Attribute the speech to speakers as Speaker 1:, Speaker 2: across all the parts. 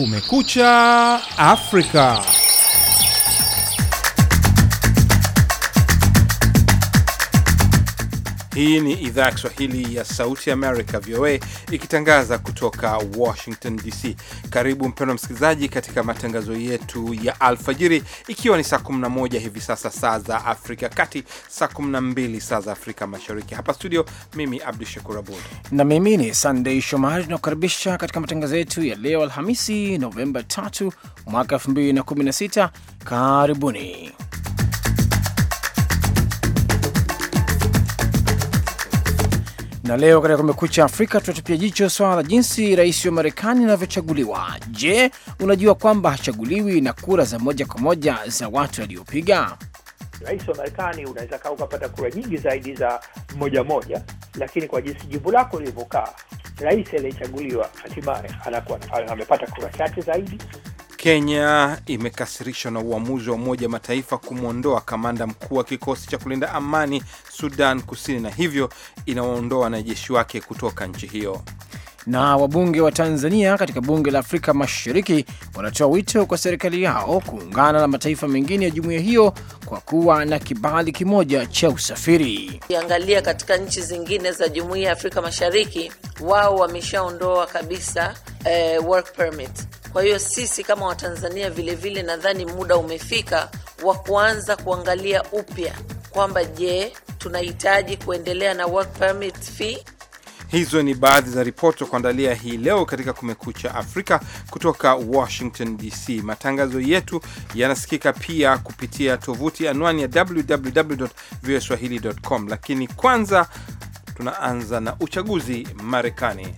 Speaker 1: Kumekucha Afrika. Hii ni idhaa ya Kiswahili ya Sauti Amerika, VOA, ikitangaza kutoka Washington DC. Karibu mpendwa msikilizaji, katika matangazo yetu ya alfajiri, ikiwa ni saa 11 hivi sasa saa za Afrika Kati, saa 12 saa za Afrika Mashariki. Hapa studio, mimi Abdu Shakur Abud
Speaker 2: na mimi ni Sandei Shomari, tunakukaribisha katika matangazo yetu ya leo Alhamisi, Novemba 3 mwaka 2016. Karibuni. na leo katika Kumekucha Afrika tunatupia jicho swala la jinsi rais wa Marekani anavyochaguliwa. Je, unajua kwamba hachaguliwi na kura za moja kwa moja za watu waliopiga?
Speaker 3: Rais wa Marekani unaweza kaa ukapata kura nyingi zaidi za moja moja, lakini kwa jinsi jimbo lako lilivyokaa, rais aliyechaguliwa hatimaye anakuwa amepata kura chache zaidi
Speaker 1: Kenya imekasirishwa na uamuzi wa Umoja wa Mataifa kumwondoa kamanda mkuu wa kikosi cha kulinda amani Sudan Kusini, na hivyo inawaondoa wanajeshi wake kutoka nchi hiyo. Na
Speaker 2: wabunge wa Tanzania katika bunge la Afrika Mashariki wanatoa wito kwa serikali yao kuungana na mataifa mengine ya jumuiya hiyo kwa kuwa na kibali kimoja cha usafiri.
Speaker 4: Ukiangalia katika nchi zingine za jumuiya ya Afrika Mashariki, wao wameshaondoa kabisa eh, work permit kwa hiyo sisi kama Watanzania vilevile, nadhani muda umefika wa kuanza kuangalia upya kwamba je, tunahitaji kuendelea na work permit fee.
Speaker 1: Hizo ni baadhi za ripoti za kuandalia hii leo katika Kumekucha Afrika kutoka Washington DC. Matangazo yetu yanasikika pia kupitia tovuti anwani ya www voa com, lakini kwanza tunaanza na uchaguzi Marekani.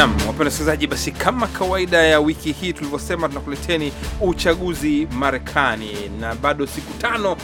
Speaker 1: Nam wapenda wasikilizaji, basi kama kawaida ya wiki hii tulivyosema, tunakuleteni uchaguzi Marekani na bado siku tano.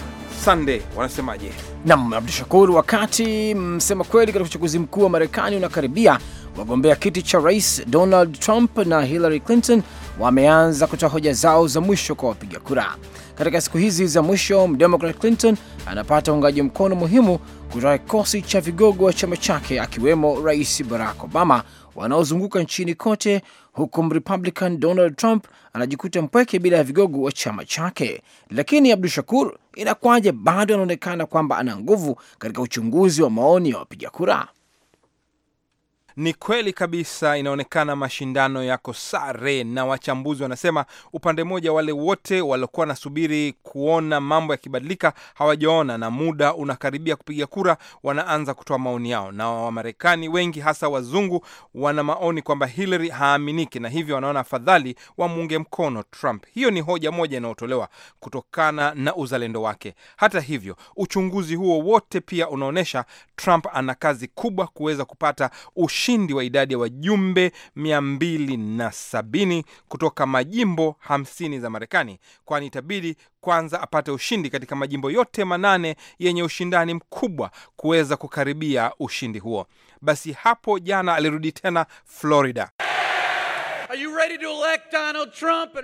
Speaker 1: Sunday wanasemaje?
Speaker 2: Nam Abdu Shakur, wakati msema kweli katika uchaguzi mkuu wa Marekani unakaribia, wagombea kiti cha rais Donald Trump na Hillary Clinton wameanza kutoa hoja zao za mwisho kwa wapiga kura. Katika siku hizi za mwisho, mdemokrat Clinton anapata uungaji mkono muhimu kutoka kikosi cha vigogo wa chama chake, akiwemo Rais Barack Obama wanaozunguka nchini kote, huku Mrepublican Donald Trump anajikuta mpweke bila ya vigogo wa chama chake. Lakini Abdu Shakur, inakwaje bado anaonekana kwamba ana nguvu katika uchunguzi wa maoni ya wapiga kura?
Speaker 1: Ni kweli kabisa, inaonekana mashindano yako sare, na wachambuzi wanasema upande mmoja, wale wote waliokuwa wanasubiri kuona mambo yakibadilika hawajaona, na muda unakaribia kupiga kura, wanaanza kutoa maoni yao, na Wamarekani wengi hasa wazungu wana maoni kwamba Hillary haaminiki, na hivyo wanaona afadhali wamuunge mkono Trump. Hiyo ni hoja moja inayotolewa kutokana na uzalendo wake. Hata hivyo, uchunguzi huo wote pia unaonyesha Trump ana kazi kubwa kuweza kupata ushi ushindi wa idadi ya wajumbe 270 kutoka majimbo 50 za Marekani, kwani itabidi kwanza apate ushindi katika majimbo yote manane yenye ushindani mkubwa kuweza kukaribia ushindi huo. Basi hapo jana alirudi tena Florida.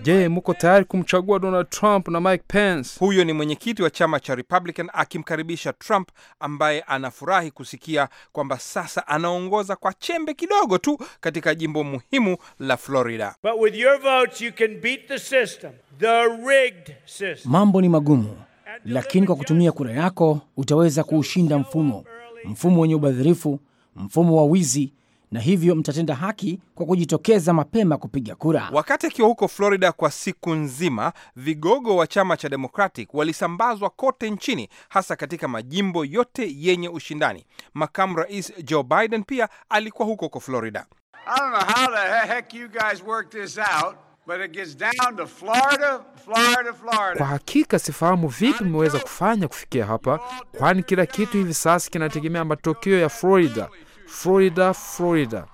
Speaker 1: Je, muko tayari kumchagua Donald Trump na Mike Pence? Huyo ni mwenyekiti wa chama cha Republican akimkaribisha Trump ambaye anafurahi kusikia kwamba sasa anaongoza kwa chembe kidogo tu katika jimbo muhimu la Florida. But with your votes
Speaker 5: you can beat the system, the rigged system.
Speaker 2: Mambo ni magumu, lakini kwa kutumia kura yako utaweza kuushinda mfumo, mfumo wenye ubadhirifu, mfumo wa wizi na hivyo mtatenda haki kwa kujitokeza mapema kupiga kura.
Speaker 1: Wakati akiwa huko Florida kwa siku nzima, vigogo wa chama cha Democratic walisambazwa kote nchini, hasa katika majimbo yote yenye ushindani. Makamu Rais Joe Biden pia alikuwa huko huko Florida.
Speaker 2: Florida. Kwa
Speaker 1: hakika sifahamu vipi mmeweza kufanya kufikia hapa, kwani kila kitu hivi sasa kinategemea matokeo ya Florida. Florida, Florida,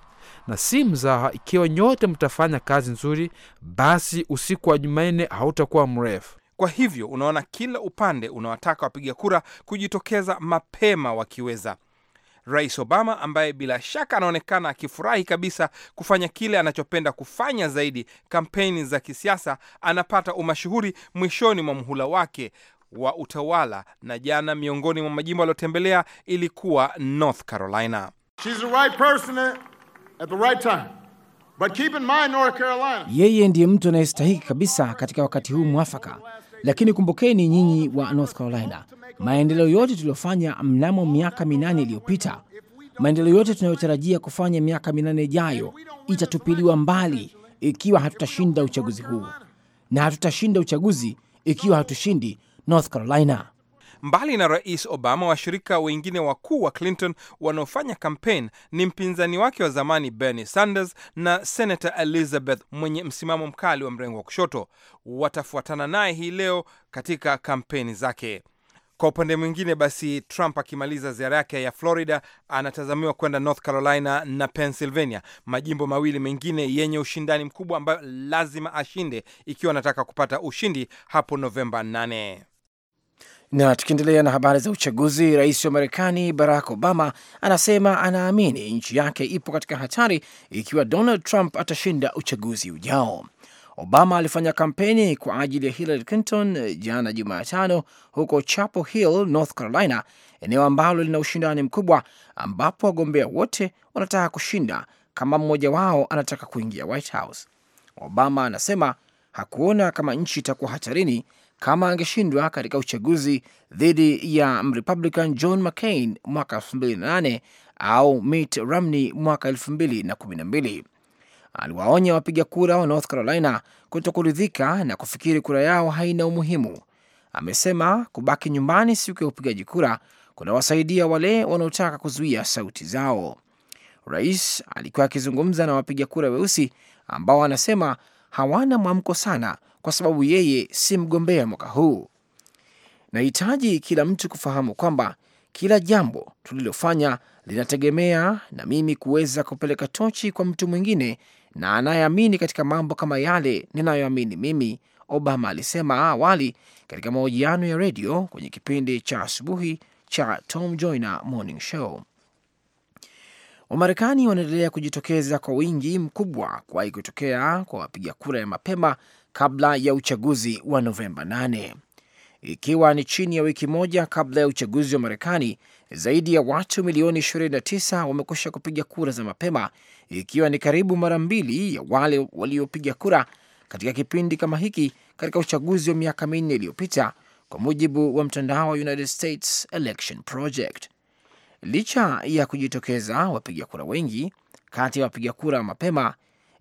Speaker 1: na si mzaha. Ikiwa nyote mtafanya kazi nzuri, basi usiku wa Jumanne hautakuwa mrefu. Kwa hivyo unaona, kila upande unawataka wapiga kura kujitokeza mapema wakiweza. Rais Obama ambaye bila shaka anaonekana akifurahi kabisa kufanya kile anachopenda kufanya zaidi, kampeni za kisiasa, anapata umashuhuri mwishoni mwa mhula wake wa utawala, na jana miongoni mwa majimbo aliyotembelea ilikuwa North Carolina. She's the right
Speaker 3: person at the right time. But keep in mind North Carolina.
Speaker 2: Yeye ndiye mtu anayestahiki kabisa katika wakati huu mwafaka, lakini kumbukeni nyinyi wa North Carolina, maendeleo yote tuliyofanya mnamo miaka minane iliyopita, maendeleo yote tunayotarajia kufanya miaka minane ijayo itatupiliwa mbali ikiwa hatutashinda uchaguzi huu, na hatutashinda uchaguzi ikiwa hatushindi North Carolina.
Speaker 1: Mbali na Rais Obama, washirika wengine wakuu wa Clinton wanaofanya kampen ni mpinzani wake wa zamani Bernie Sanders na Senator Elizabeth mwenye msimamo mkali wa mrengo wa kushoto. Watafuatana naye hii leo katika kampeni zake. Kwa upande mwingine basi, Trump akimaliza ziara yake ya Florida anatazamiwa kwenda North Carolina na Pennsylvania, majimbo mawili mengine yenye ushindani mkubwa ambayo lazima ashinde ikiwa anataka kupata ushindi hapo Novemba 8.
Speaker 2: Na tukiendelea na habari za uchaguzi, rais wa Marekani Barack Obama anasema anaamini nchi yake ipo katika hatari ikiwa Donald Trump atashinda uchaguzi ujao. Obama alifanya kampeni kwa ajili ya Hillary Clinton jana Jumatano huko Chapel Hill, North Carolina, eneo ambalo lina ushindani mkubwa ambapo wagombea wote wanataka kushinda kama mmoja wao anataka kuingia White House. Obama anasema hakuona kama nchi itakuwa hatarini kama angeshindwa katika uchaguzi dhidi ya Mrepublican John McCain mwaka 2008 au Mitt Romney mwaka 2012. Aliwaonya wapiga kura wa North Carolina kutokuridhika na kufikiri kura yao haina umuhimu. Amesema kubaki nyumbani siku ya upigaji kura kunawasaidia wale wanaotaka kuzuia sauti zao. Rais alikuwa akizungumza na wapiga kura weusi ambao anasema hawana mwamko sana kwa sababu yeye si mgombea mwaka huu. Nahitaji kila mtu kufahamu kwamba kila jambo tulilofanya linategemea na mimi kuweza kupeleka tochi kwa mtu mwingine na anayeamini katika mambo kama yale ninayoamini mimi, Obama alisema awali katika mahojiano ya redio kwenye kipindi cha asubuhi cha Tom Joyner Morning Show. Wamarekani wanaendelea kujitokeza kwa wingi mkubwa kuwahi kutokea kwa wapiga kura ya mapema kabla ya uchaguzi wa Novemba 8. Ikiwa ni chini ya wiki moja kabla ya uchaguzi wa Marekani, zaidi ya watu milioni 29 wamekwisha kupiga kura za mapema, ikiwa ni karibu mara mbili ya wale waliopiga kura katika kipindi kama hiki katika uchaguzi wa miaka minne iliyopita, kwa mujibu wa mtandao wa United States Election Project. Licha ya kujitokeza wapiga kura wengi kati ya wapiga kura wa mapema,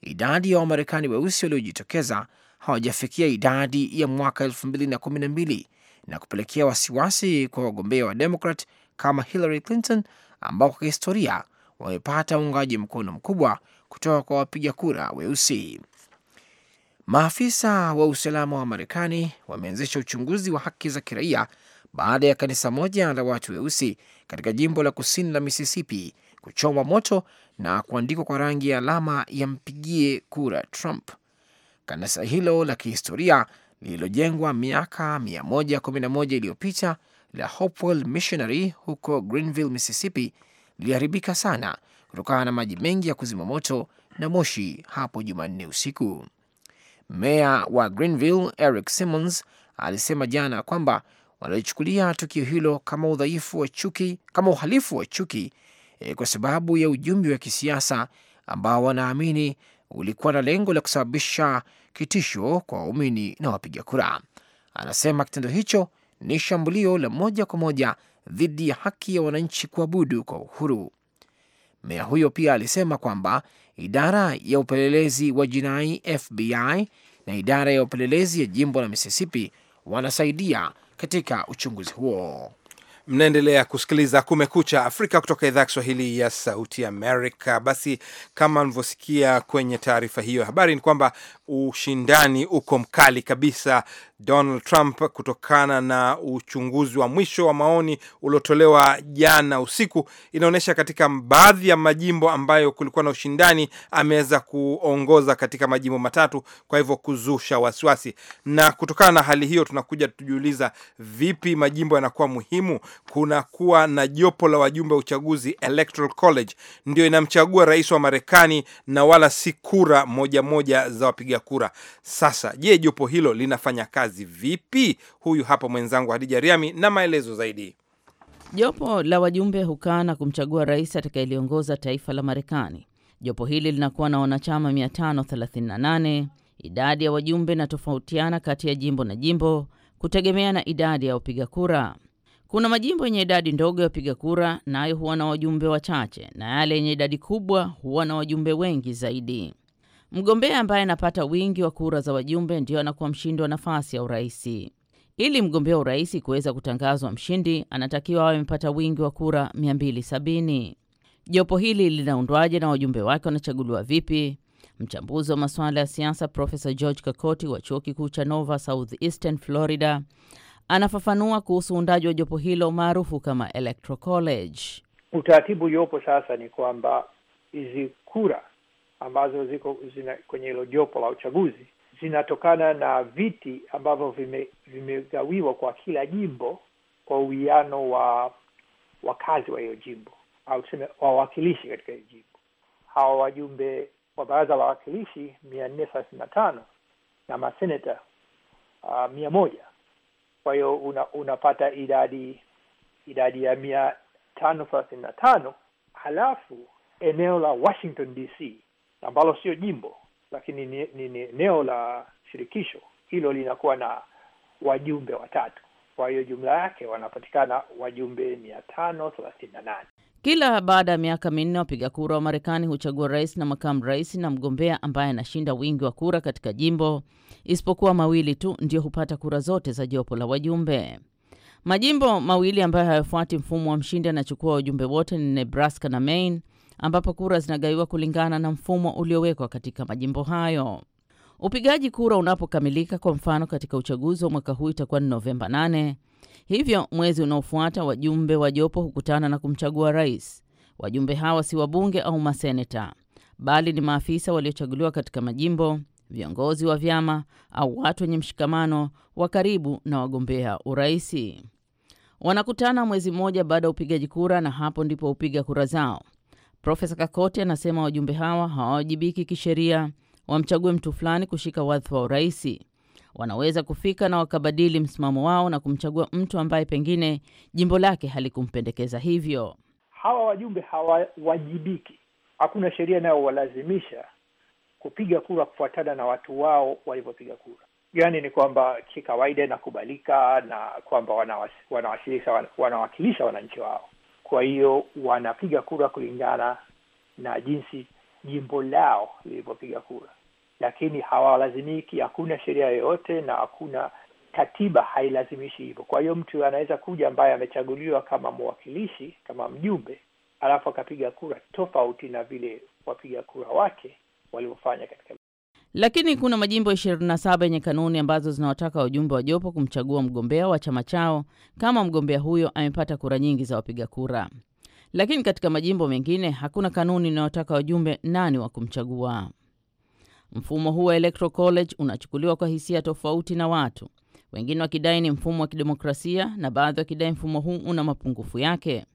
Speaker 2: idadi ya Wamarekani weusi waliojitokeza hawajafikia idadi ya mwaka elfu mbili na kumi na mbili na kupelekea wasiwasi kwa wagombea wa Demokrat kama Hillary Clinton ambao kwa kihistoria wamepata uungaji mkono mkubwa kutoka kwa wapiga kura weusi. Maafisa wa usalama wa Marekani wameanzisha uchunguzi wa haki za kiraia baada ya kanisa moja la watu weusi katika jimbo la kusini la Mississippi kuchomwa moto na kuandikwa kwa rangi ya alama ya mpigie kura Trump. Kanisa hilo la kihistoria lililojengwa miaka 111 iliyopita la Hopewell Missionary huko Greenville, Mississippi liliharibika sana kutokana na maji mengi ya kuzima moto na moshi hapo Jumanne usiku. Meya wa Greenville Eric Simmons alisema jana kwamba wanalichukulia tukio hilo kama udhaifu wa chuki, kama uhalifu wa chuki e, kwa sababu ya ujumbe wa kisiasa ambao wanaamini ulikuwa na lengo la kusababisha kitisho kwa waumini na wapiga kura. Anasema kitendo hicho ni shambulio la moja kwa moja dhidi ya haki ya wananchi kuabudu kwa uhuru. Meya huyo pia alisema kwamba idara ya upelelezi wa jinai FBI na
Speaker 1: idara ya upelelezi ya jimbo la Mississippi wanasaidia katika uchunguzi huo. Mnaendelea kusikiliza Kumekucha Afrika kutoka idhaa ya Kiswahili ya Sauti Amerika. Basi kama mlivyosikia kwenye taarifa hiyo, ya habari ni kwamba ushindani uko mkali kabisa Donald Trump kutokana na uchunguzi wa mwisho wa maoni uliotolewa jana usiku, inaonyesha katika baadhi ya majimbo ambayo kulikuwa na ushindani ameweza kuongoza katika majimbo matatu, kwa hivyo kuzusha wasiwasi. Na kutokana na hali hiyo, tunakuja tujiuliza, vipi majimbo yanakuwa muhimu? Kunakuwa na jopo la wajumbe wa uchaguzi, Electoral College ndio inamchagua rais wa Marekani na wala si kura moja moja za wapiga kura. Sasa je, jopo hilo linafanya kazi kazi vipi? Huyu hapa mwenzangu Hadija Riami na maelezo zaidi.
Speaker 6: Jopo la wajumbe hukaa na kumchagua rais atakayeliongoza taifa la Marekani. Jopo hili linakuwa na wanachama 538. Idadi ya wajumbe inatofautiana kati ya jimbo na jimbo kutegemea na idadi ya wapiga kura. Kuna majimbo yenye idadi ndogo ya wapiga kura nayo huwa na wajumbe wachache, na yale yenye idadi kubwa huwa na wajumbe wengi zaidi. Mgombea ambaye anapata wingi wa kura za wajumbe ndiyo anakuwa mshindi wa nafasi ya uraisi. Ili mgombea wa kuweza kutangazwa mshindi, anatakiwa awe amepata wingi wa kura 270. Jopo hili linaundwaje na wajumbe wake wanachaguliwa vipi? Mchambuzi wa masuala ya siasa Profesa George Kakoti wa chuo kikuu cha Nova Southeastern Florida anafafanua kuhusu uundaji wa jopo hilo maarufu kama Electro College.
Speaker 3: Utaratibu uliopo sasa ni kwamba hizi kura ambazo ziko zina kwenye hilo jopo la uchaguzi zinatokana na viti ambavyo vime, vimegawiwa kwa kila jimbo kwa uwiano wa wakazi wa hiyo jimbo au tuseme wawakilishi katika hiyo jimbo. Hawa wajumbe wa baraza la wawakilishi mia nne thelathini na tano na maseneta uh, mia moja. Kwa hiyo una, unapata idadi idadi ya mia tano thelathini na tano halafu eneo la Washington DC ambalo sio jimbo lakini ni, eneo la shirikisho, hilo linakuwa na wajumbe watatu. Kwa hiyo jumla yake wanapatikana wajumbe mia tano thelathini na nane.
Speaker 6: Kila baada ya miaka minne wapiga kura wa Marekani huchagua rais na makamu rais, na mgombea ambaye anashinda wingi wa kura katika jimbo, isipokuwa mawili tu ndio hupata kura zote za jopo la wajumbe. Majimbo mawili ambayo hayafuati mfumo wa mshindi anachukua wajumbe wote ni Nebraska na Maine ambapo kura zinagaiwa kulingana na mfumo uliowekwa katika majimbo hayo. Upigaji kura unapokamilika, kwa mfano katika uchaguzi wa mwaka huu itakuwa ni Novemba 8. Hivyo mwezi unaofuata wajumbe wa jopo hukutana na kumchagua rais. Wajumbe hawa si wabunge au maseneta, bali ni maafisa waliochaguliwa katika majimbo, viongozi wa vyama au watu wenye mshikamano wa karibu na wagombea uraisi. Wanakutana mwezi mmoja baada ya upigaji kura, na hapo ndipo hupiga kura zao. Profesa Kakoti anasema wajumbe hawa hawawajibiki kisheria wamchague mtu fulani kushika wadhifa wa uraisi. Wanaweza kufika na wakabadili msimamo wao na kumchagua mtu ambaye pengine jimbo lake halikumpendekeza. Hivyo
Speaker 3: hawa wajumbe hawawajibiki, hakuna sheria inayowalazimisha kupiga kura kufuatana na watu wao walivyopiga kura. Yani ni kwamba kikawaida inakubalika na kwamba wanawakilisha wananchi wao. Kwa hiyo wanapiga kura kulingana na jinsi jimbo lao lilivyopiga kura, lakini hawalazimiki. Hakuna sheria yoyote na hakuna katiba hailazimishi hivyo. Kwa hiyo mtu anaweza kuja ambaye amechaguliwa kama mwakilishi, kama mjumbe, alafu akapiga kura tofauti na vile wapiga kura wake waliofanya katika
Speaker 6: lakini kuna majimbo 27 yenye kanuni ambazo zinawataka wajumbe wa jopo kumchagua mgombea wa chama chao kama mgombea huyo amepata kura nyingi za wapiga kura. Lakini katika majimbo mengine hakuna kanuni inayotaka wajumbe nani wa kumchagua. Mfumo huu wa Electoral College unachukuliwa kwa hisia tofauti na watu wengine, wakidai ni mfumo wa kidemokrasia na baadhi wakidai mfumo huu una mapungufu yake.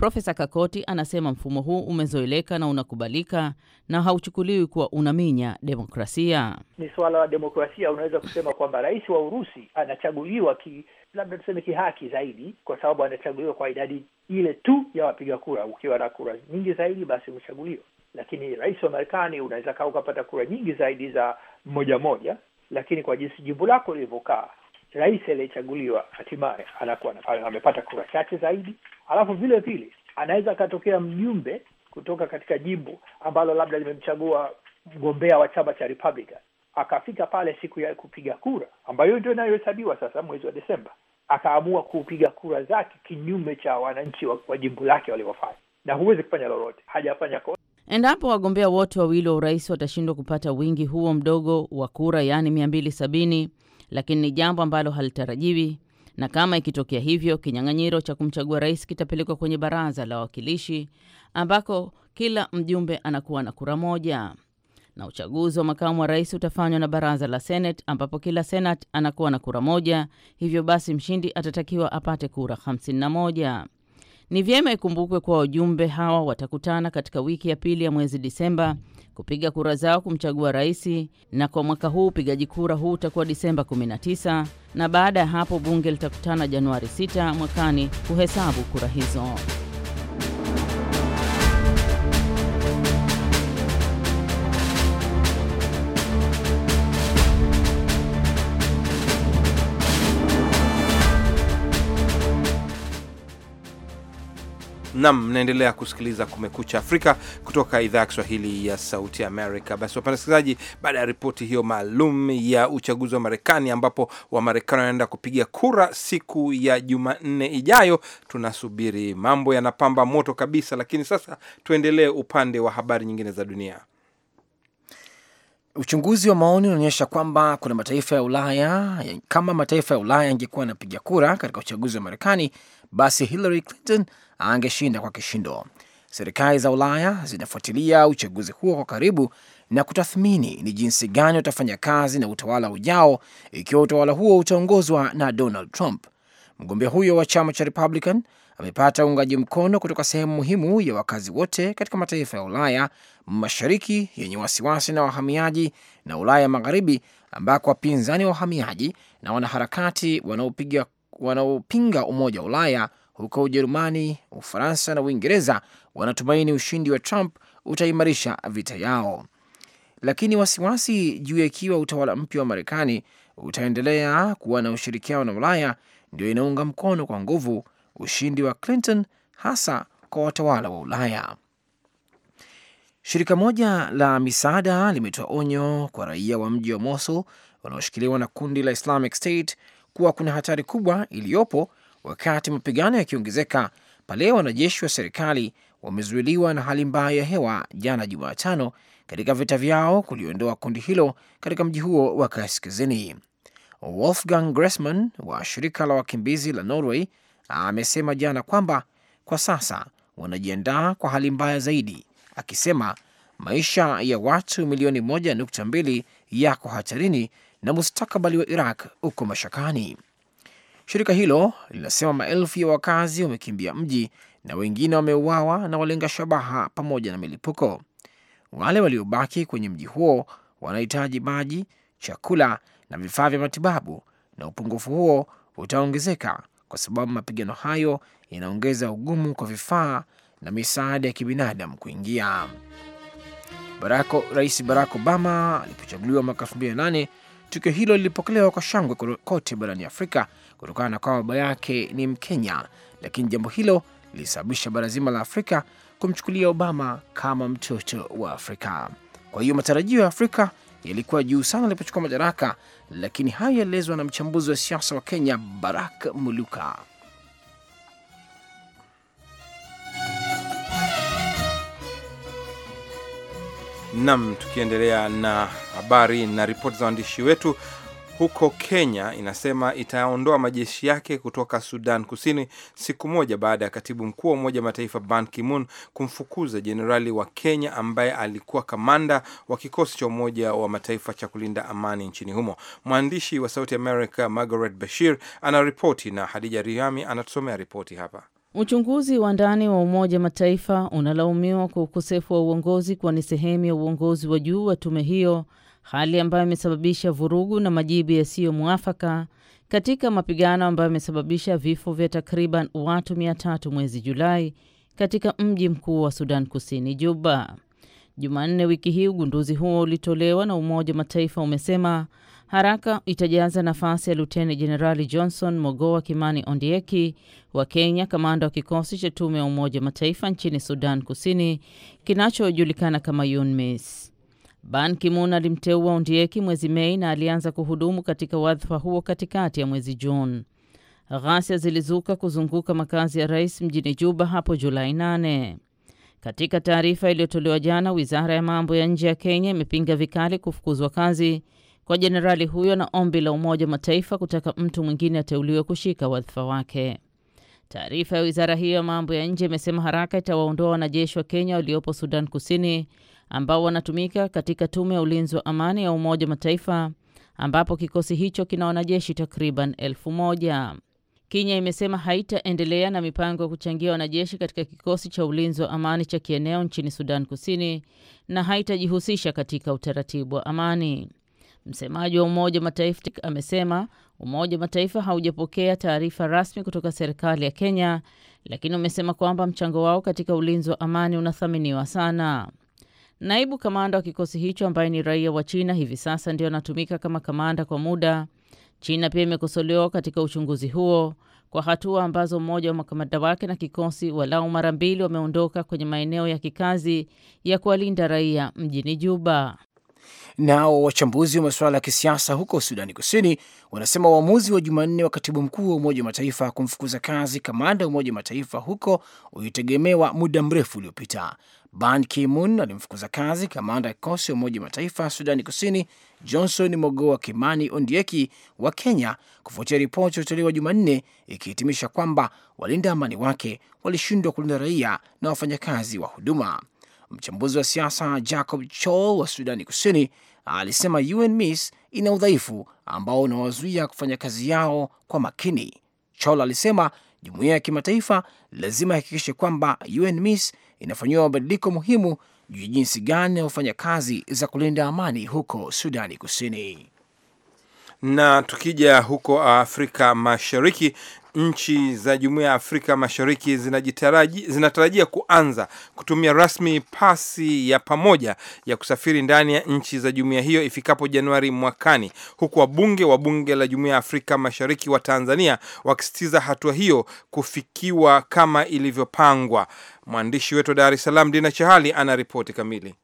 Speaker 6: Profesa Kakoti anasema mfumo huu umezoeleka na unakubalika na hauchukuliwi kuwa unaminya demokrasia.
Speaker 3: Ni suala la demokrasia. Unaweza kusema kwamba rais wa Urusi anachaguliwa ki labda tuseme kihaki zaidi, kwa sababu anachaguliwa kwa idadi ile tu ya wapiga kura. Ukiwa na kura nyingi zaidi, basi umechaguliwa. Lakini rais wa Marekani unaweza kaa ukapata kura nyingi zaidi za moja moja, lakini kwa jinsi jimbo lako lilivyokaa rais aliyechaguliwa hatimaye anakuwa amepata kura chache zaidi, alafu vile vile anaweza akatokea mjumbe kutoka katika jimbo ambalo labda limemchagua mgombea wa chama cha Republican akafika pale siku ya kupiga kura ambayo ndio inayohesabiwa sasa mwezi wa Desemba, akaamua kupiga kura zake kinyume cha wananchi wa, wa jimbo lake waliofanya, na huwezi kufanya lolote, hajafanya kosa.
Speaker 6: Endapo wagombea wote wawili wa urais watashindwa kupata wingi huo mdogo wa kura, yaani mia mbili sabini, lakini ni jambo ambalo halitarajiwi, na kama ikitokea hivyo, kinyang'anyiro cha kumchagua rais kitapelekwa kwenye baraza la wawakilishi ambako kila mjumbe anakuwa na kura moja, na uchaguzi wa makamu wa rais utafanywa na baraza la Senate ambapo kila Senate anakuwa na kura moja. Hivyo basi mshindi atatakiwa apate kura 51. Ni vyema ikumbukwe kuwa wajumbe hawa watakutana katika wiki ya pili ya mwezi Disemba kupiga kura zao kumchagua rais, na kwa mwaka huu upigaji kura huu utakuwa Disemba 19 na baada ya hapo bunge litakutana Januari 6 mwakani kuhesabu kura hizo.
Speaker 1: Nam, mnaendelea kusikiliza Kumekucha Afrika kutoka idhaa ya Kiswahili ya Sauti Amerika. Basi wapenda wasikilizaji, baada ya ripoti hiyo maalum ya uchaguzi wa Marekani ambapo Wamarekani wanaenda kupiga kura siku ya Jumanne ijayo, tunasubiri mambo yanapamba moto kabisa. Lakini sasa tuendelee upande wa habari nyingine za dunia.
Speaker 2: Uchunguzi wa maoni unaonyesha kwamba kuna mataifa ya Ulaya, kama mataifa ya Ulaya yangekuwa yanapiga kura katika uchaguzi wa Marekani, basi Hillary Clinton angeshinda kwa kishindo. Serikali za Ulaya zinafuatilia uchaguzi huo kwa karibu na kutathmini ni jinsi gani utafanya kazi na utawala ujao, ikiwa utawala huo utaongozwa na Donald Trump. Mgombea huyo wa chama cha Republican amepata uungaji mkono kutoka sehemu muhimu ya wakazi wote katika mataifa ya Ulaya Mashariki yenye wasiwasi na wahamiaji na Ulaya Magharibi, ambako wapinzani wa wahamiaji na wanaharakati wanaopinga umoja wa Ulaya huko Ujerumani, Ufaransa na Uingereza wanatumaini ushindi wa Trump utaimarisha vita yao, lakini wasiwasi juu ya ikiwa utawala mpya wa Marekani utaendelea kuwa na ushirikiano na Ulaya ndio inaunga mkono kwa nguvu ushindi wa Clinton, hasa kwa watawala wa Ulaya. Shirika moja la misaada limetoa onyo kwa raia wa mji wa Mosul wanaoshikiliwa na kundi la Islamic State kuwa kuna hatari kubwa iliyopo wakati mapigano yakiongezeka pale wanajeshi wa serikali wamezuiliwa na hali mbaya ya hewa jana Jumatano katika vita vyao kuliondoa kundi hilo katika mji huo wa kaskazini. Wolfgang Gressman wa shirika la wakimbizi la Norway amesema jana kwamba kwa sasa wanajiandaa kwa hali mbaya zaidi, akisema maisha ya watu milioni 1.2 yako hatarini na mustakabali wa Iraq uko mashakani. Shirika hilo linasema maelfu ya wakazi wamekimbia mji na wengine wameuawa na walenga shabaha pamoja na milipuko. Wale waliobaki kwenye mji huo wanahitaji maji, chakula na vifaa vya matibabu, na upungufu huo utaongezeka kwa sababu mapigano hayo yanaongeza ugumu kwa vifaa na misaada ya kibinadamu kuingia. Barako, Rais Barack Obama alipochaguliwa mwaka 2008 tukio hilo lilipokelewa kwa shangwe kote barani Afrika kutokana na kwamba baba yake ni Mkenya, lakini jambo hilo lilisababisha bara zima la Afrika kumchukulia Obama kama mtoto wa Afrika. Kwa hiyo matarajio ya Afrika yalikuwa juu sana alipochukua madaraka, lakini hayo yalielezwa na mchambuzi wa siasa wa Kenya Barak Muluka.
Speaker 1: Nam, tukiendelea na habari na ripoti za waandishi wetu, huko Kenya inasema itaondoa majeshi yake kutoka Sudan Kusini siku moja baada ya katibu mkuu wa Umoja Mataifa Ban Ki-moon kumfukuza jenerali wa Kenya ambaye alikuwa kamanda wa kikosi cha Umoja wa Mataifa cha kulinda amani nchini humo. Mwandishi wa Sauti America Margaret Bashir anaripoti na Hadija Riami anatusomea ripoti hapa.
Speaker 6: Uchunguzi wa ndani wa Umoja Mataifa unalaumiwa kwa ukosefu wa uongozi, kuwa ni sehemu ya uongozi wa juu wa tume hiyo hali ambayo imesababisha vurugu na majibu yasiyo mwafaka katika mapigano ambayo yamesababisha vifo vya takriban watu 3 mwezi Julai katika mji mkuu wa Sudan Kusini, Juba. Jumanne wiki hii ugunduzi huo ulitolewa na Umoja wa Mataifa umesema haraka itajaza nafasi ya Luteni Jenerali Johnson Mogoa Kimani Ondieki wa Kenya, kamanda wa kikosi cha tume ya Umoja wa Mataifa nchini Sudan Kusini kinachojulikana kama UNMISS. Ban Ki-moon alimteua Ondieki mwezi Mei na alianza kuhudumu katika wadhifa huo katikati ya mwezi Juni. Ghasia zilizuka kuzunguka makazi ya rais mjini Juba hapo Julai 8. Katika taarifa iliyotolewa jana, wizara ya mambo ya nje ya Kenya imepinga vikali kufukuzwa kazi kwa jenerali huyo na ombi la Umoja wa Mataifa kutaka mtu mwingine ateuliwe kushika wadhifa wake. Taarifa ya wizara hiyo ya mambo ya nje imesema haraka itawaondoa wanajeshi wa Kenya waliopo Sudan Kusini ambao wanatumika katika tume ya ulinzi wa amani ya Umoja wa Mataifa ambapo kikosi hicho kina wanajeshi takriban elfu moja. Kenya imesema haitaendelea na mipango ya kuchangia wanajeshi katika kikosi cha ulinzi wa amani cha kieneo nchini Sudan Kusini na haitajihusisha katika utaratibu wa amani. Msemaji wa Umoja wa Mataifa amesema Umoja wa Mataifa haujapokea taarifa rasmi kutoka serikali ya Kenya, lakini umesema kwamba mchango wao katika ulinzi wa amani unathaminiwa sana. Naibu kamanda wa kikosi hicho ambaye ni raia wa China hivi sasa ndio anatumika kama kamanda kwa muda. China pia imekosolewa katika uchunguzi huo kwa hatua ambazo mmoja wa makamanda wake na kikosi walau mara mbili wameondoka kwenye maeneo ya kikazi ya kuwalinda raia mjini Juba.
Speaker 2: Nao wachambuzi wa masuala ya kisiasa huko Sudani Kusini wanasema uamuzi wa Jumanne wa katibu mkuu wa Umoja wa Mataifa kumfukuza kazi kamanda wa Umoja wa Mataifa huko ulitegemewa muda mrefu uliopita. Ban Ki-moon alimfukuza kazi kamanda ya kikosi wa Umoja wa Mataifa Sudani Kusini Johnson Mogoa Kimani Ondieki wa Kenya kufuatia ripoti iliyotolewa Jumanne ikihitimisha kwamba walinda amani wake walishindwa kulinda raia na wafanyakazi wa huduma. Mchambuzi wa siasa Jacob Chol wa Sudani Kusini alisema UNMISS ina udhaifu ambao unawazuia kufanya kazi yao kwa makini. Chola alisema jumuiya ya kimataifa lazima ihakikishe kwamba UNMISS inafanyiwa mabadiliko muhimu juu ya jinsi gani inavyofanya kazi za kulinda amani huko Sudani Kusini.
Speaker 1: Na tukija huko Afrika Mashariki Nchi za Jumuiya ya Afrika Mashariki zinatarajia kuanza kutumia rasmi pasi ya pamoja ya kusafiri ndani ya nchi za jumuiya hiyo ifikapo Januari mwakani, huku wabunge wa Bunge la Jumuiya ya Afrika Mashariki wa Tanzania wakisitiza hatua hiyo kufikiwa kama ilivyopangwa. Mwandishi wetu wa Dar es Salaam, Dina Chahali, ana ripoti kamili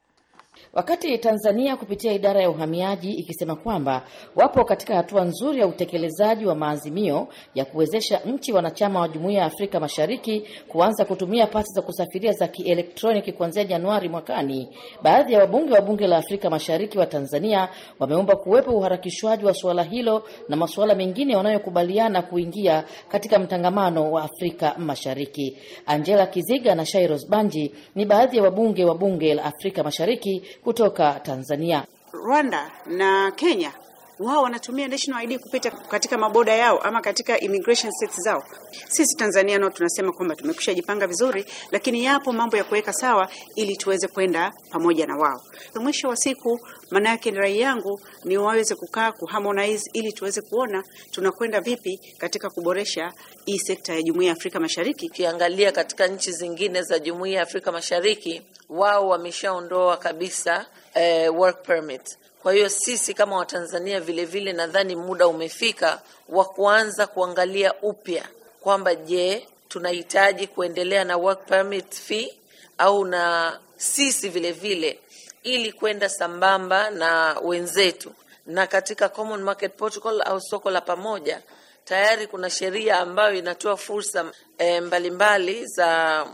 Speaker 7: wakati Tanzania kupitia idara ya uhamiaji ikisema kwamba wapo katika hatua nzuri ya utekelezaji wa maazimio ya kuwezesha nchi wanachama wa Jumuiya ya Afrika Mashariki kuanza kutumia pasi za kusafiria za kielektroniki kuanzia Januari mwakani. Baadhi ya wabunge wa Bunge la Afrika Mashariki wa Tanzania wameomba kuwepo uharakishwaji wa suala hilo na masuala mengine wanayokubaliana kuingia katika mtangamano wa Afrika Mashariki. Angela Kiziga na Shairos Banji ni baadhi ya wabunge wa Bunge la Afrika Mashariki kutoka Tanzania,
Speaker 6: Rwanda na Kenya wao wanatumia national ID kupita katika maboda yao ama katika immigration states zao. Sisi Tanzania nao tunasema kwamba tumekwisha jipanga vizuri, lakini yapo mambo ya kuweka sawa ili tuweze kwenda pamoja na wao. Mwisho wa siku maana yake ni rai yangu ni waweze kukaa kuharmonize ili tuweze kuona tunakwenda vipi katika kuboresha hii sekta ya Jumuiya ya Afrika
Speaker 4: Mashariki. Ukiangalia katika nchi zingine za Jumuiya ya Afrika Mashariki, wao wameshaondoa kabisa eh, work permit. Kwa hiyo sisi kama Watanzania vile vile nadhani muda umefika wa kuanza kuangalia upya kwamba je, tunahitaji kuendelea na work permit fee au na sisi vile vile ili kwenda sambamba na wenzetu. Na katika Common Market Protocol au soko la pamoja tayari kuna sheria ambayo inatoa fursa e, mbalimbali za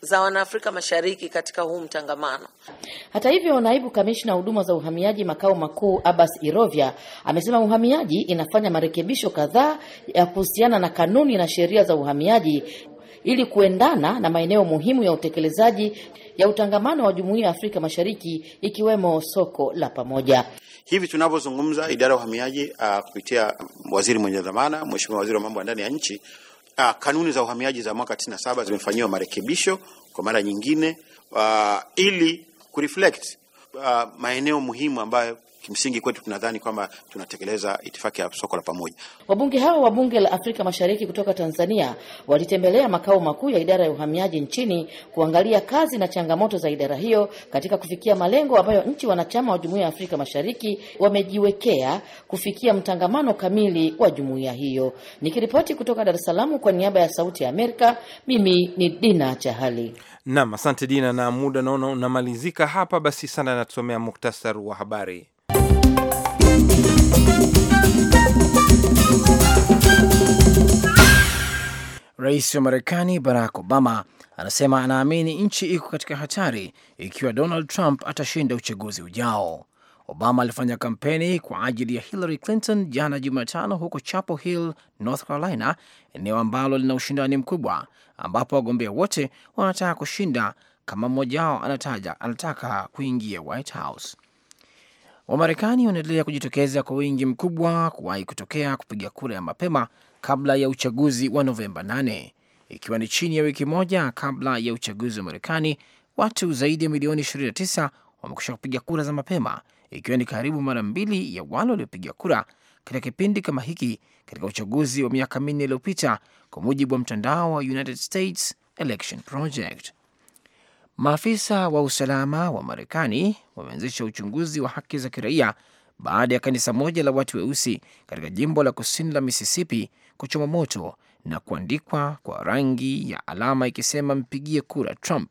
Speaker 4: za Wanaafrika Mashariki katika huu mtangamano.
Speaker 7: Hata hivyo, naibu kamishna huduma za uhamiaji makao makuu Abbas Irovya amesema uhamiaji inafanya marekebisho kadhaa ya kuhusiana na kanuni na sheria za uhamiaji ili kuendana na maeneo muhimu ya utekelezaji ya utangamano wa Jumuiya ya Afrika Mashariki ikiwemo soko la pamoja.
Speaker 5: Hivi tunavyozungumza, idara ya uhamiaji uh,
Speaker 1: kupitia waziri mwenye dhamana, Mheshimiwa Waziri wa Mambo ya Ndani ya Nchi, uh, kanuni za uhamiaji za mwaka 97 zimefanyiwa marekebisho kwa mara nyingine, uh, ili kureflect uh, maeneo muhimu ambayo kimsingi kwetu tunadhani kwamba tunatekeleza itifaki ya soko la pamoja.
Speaker 7: Wabunge hao wa bunge la Afrika Mashariki kutoka Tanzania walitembelea makao makuu ya idara ya uhamiaji nchini kuangalia kazi na changamoto za idara hiyo katika kufikia malengo ambayo nchi wanachama wa Jumuiya ya Afrika Mashariki wamejiwekea kufikia mtangamano kamili wa jumuiya hiyo. Nikiripoti kutoka Dar es Salaam kwa niaba ya Sauti ya Amerika, mimi ni Dina Chahali.
Speaker 1: Nam, asante Dina, na muda naona unamalizika hapa. Basi sana, natusomea muktasar wa habari.
Speaker 2: Rais wa Marekani Barack Obama anasema anaamini nchi iko katika hatari ikiwa Donald Trump atashinda uchaguzi ujao. Obama alifanya kampeni kwa ajili ya Hillary Clinton jana Jumatano huko Chapel Hill, North Carolina, eneo ambalo lina ushindani mkubwa ambapo wagombea wote wanataka kushinda kama mmoja wao anataka kuingia White House. Wamarekani wanaendelea kujitokeza kwa wingi mkubwa kuwahi kutokea kupiga kura ya mapema kabla ya uchaguzi wa Novemba 8 ikiwa ni chini ya wiki moja kabla ya uchaguzi wa Marekani. Watu zaidi ya milioni 29 wamekusha kupiga kura za mapema, ikiwa ni karibu mara mbili ya wale waliopiga kura katika kipindi kama hiki katika uchaguzi wa miaka minne iliyopita, kwa mujibu wa mtandao wa United States Election Project. Maafisa wa usalama wa Marekani wameanzisha uchunguzi wa haki za kiraia baada ya kanisa moja la watu weusi katika jimbo la kusini la Mississippi kuchoma moto na kuandikwa kwa rangi ya alama ikisema mpigie kura Trump.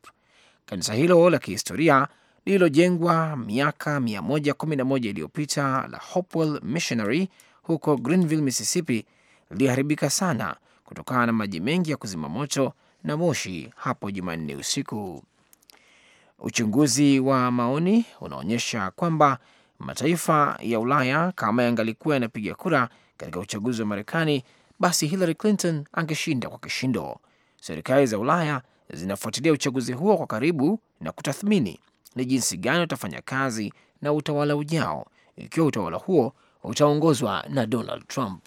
Speaker 2: Kanisa hilo la kihistoria lililojengwa miaka 111 iliyopita la Hopewell Missionary huko Greenville, Mississippi, liliharibika sana kutokana na maji mengi ya kuzima moto na moshi hapo Jumanne usiku. Uchunguzi wa maoni unaonyesha kwamba mataifa ya Ulaya kama yangalikuwa yanapiga kura katika uchaguzi wa Marekani, basi Hillary Clinton angeshinda kwa kishindo. Serikali za Ulaya zinafuatilia uchaguzi huo kwa karibu na kutathmini ni jinsi gani utafanya kazi na utawala ujao, ikiwa utawala huo utaongozwa na
Speaker 1: Donald Trump.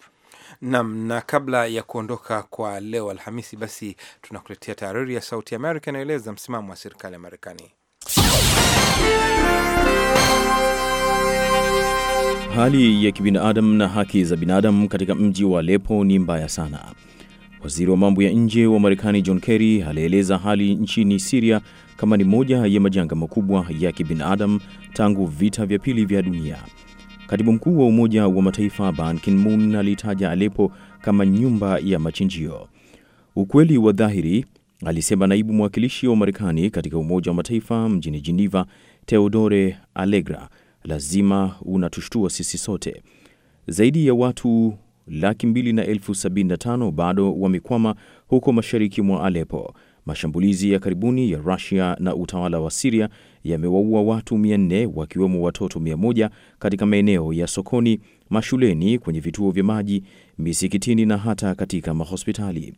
Speaker 1: Nam, na kabla ya kuondoka kwa leo Alhamisi, basi tunakuletea tahariri ya Sauti Amerika inayoeleza msimamo wa serikali ya Marekani.
Speaker 5: Hali ya kibinadamu na haki za binadamu katika mji wa Aleppo ni mbaya sana. Waziri wa mambo ya nje wa Marekani John Kerry alieleza hali nchini Siria kama ni moja ya majanga makubwa ya kibinadamu tangu vita vya pili vya dunia. Katibu mkuu wa Umoja wa Mataifa Ban Ki-moon alitaja Aleppo kama nyumba ya machinjio. Ukweli wa dhahiri, alisema naibu mwakilishi wa Marekani katika Umoja wa Mataifa mjini Geneva Theodore Allegra lazima unatushtua sisi sote. Zaidi ya watu laki mbili na elfu sabini na tano bado wamekwama huko mashariki mwa Alepo. Mashambulizi ya karibuni ya Rusia na utawala wa Siria yamewaua watu 400 wakiwemo watoto 100 katika maeneo ya sokoni, mashuleni, kwenye vituo vya maji, misikitini na hata katika mahospitali.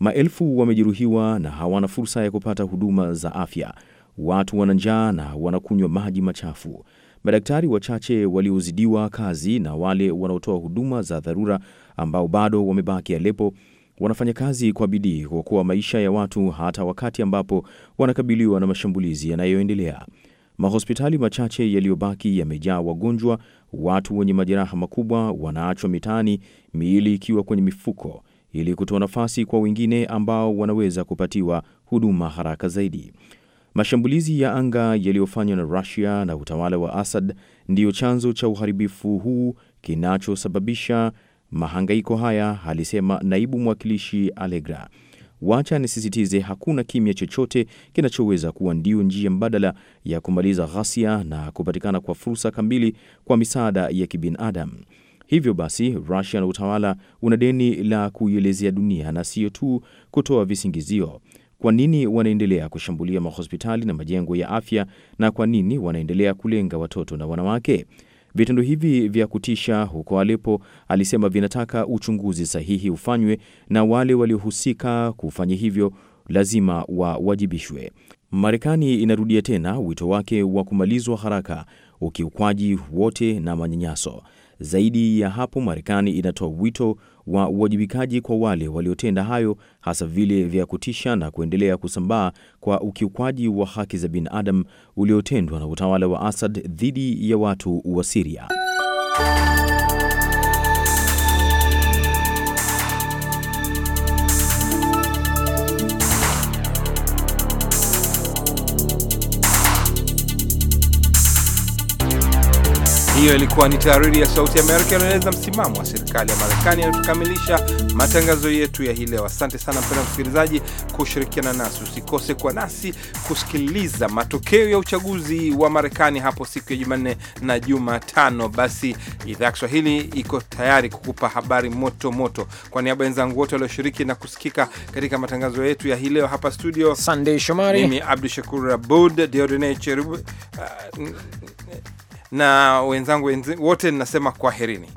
Speaker 5: Maelfu wamejeruhiwa na hawana fursa ya kupata huduma za afya. Watu wana njaa na wanakunywa maji machafu. Madaktari wachache waliozidiwa kazi na wale wanaotoa huduma za dharura ambao bado wamebaki Aleppo wanafanya kazi kwa bidii kuokoa maisha ya watu hata wakati ambapo wanakabiliwa na mashambulizi yanayoendelea. Mahospitali machache yaliyobaki yamejaa wagonjwa, watu wenye majeraha makubwa wanaachwa mitaani, miili ikiwa kwenye mifuko ili kutoa nafasi kwa wengine ambao wanaweza kupatiwa huduma haraka zaidi. Mashambulizi ya anga yaliyofanywa na Rusia na utawala wa Assad ndiyo chanzo cha uharibifu huu kinachosababisha mahangaiko haya, alisema naibu mwakilishi Allegra. Wacha nisisitize, hakuna kimya chochote kinachoweza kuwa ndio njia mbadala ya kumaliza ghasia na kupatikana kwa fursa kamili kwa misaada ya kibinadamu. Hivyo basi, Rusia na utawala una deni la kuielezea dunia na sio tu kutoa visingizio. Kwa nini wanaendelea kushambulia mahospitali na majengo ya afya, na kwa nini wanaendelea kulenga watoto na wanawake? Vitendo hivi vya kutisha huko alipo alisema, vinataka uchunguzi sahihi ufanywe na wale waliohusika kufanya hivyo lazima wawajibishwe. Marekani inarudia tena wito wake wa kumalizwa haraka ukiukwaji wote na manyanyaso. Zaidi ya hapo, Marekani inatoa wito wa uwajibikaji kwa wale waliotenda hayo, hasa vile vya kutisha na kuendelea kusambaa kwa ukiukwaji wa haki za binadamu uliotendwa na utawala wa Asad dhidi ya watu wa Siria.
Speaker 1: Hiyo ilikuwa ni tahariri ya Sauti Amerika inaeleza msimamo wa serikali ya Marekani. Yanatukamilisha matangazo yetu ya hii leo. Asante sana mpenda msikilizaji kushirikiana nasi. Usikose kwa nasi kusikiliza matokeo ya uchaguzi wa Marekani hapo siku ya Jumanne na Jumatano. Basi idhaa ya Kiswahili iko tayari kukupa habari moto moto. Kwa niaba ya wenzangu wote walioshiriki na kusikika katika matangazo yetu ya hii leo hapa studio, Sandey Shomari, mimi Abdu Shakur Abud, Deodene Cherub, uh, na wenzangu wote ninasema kwaherini.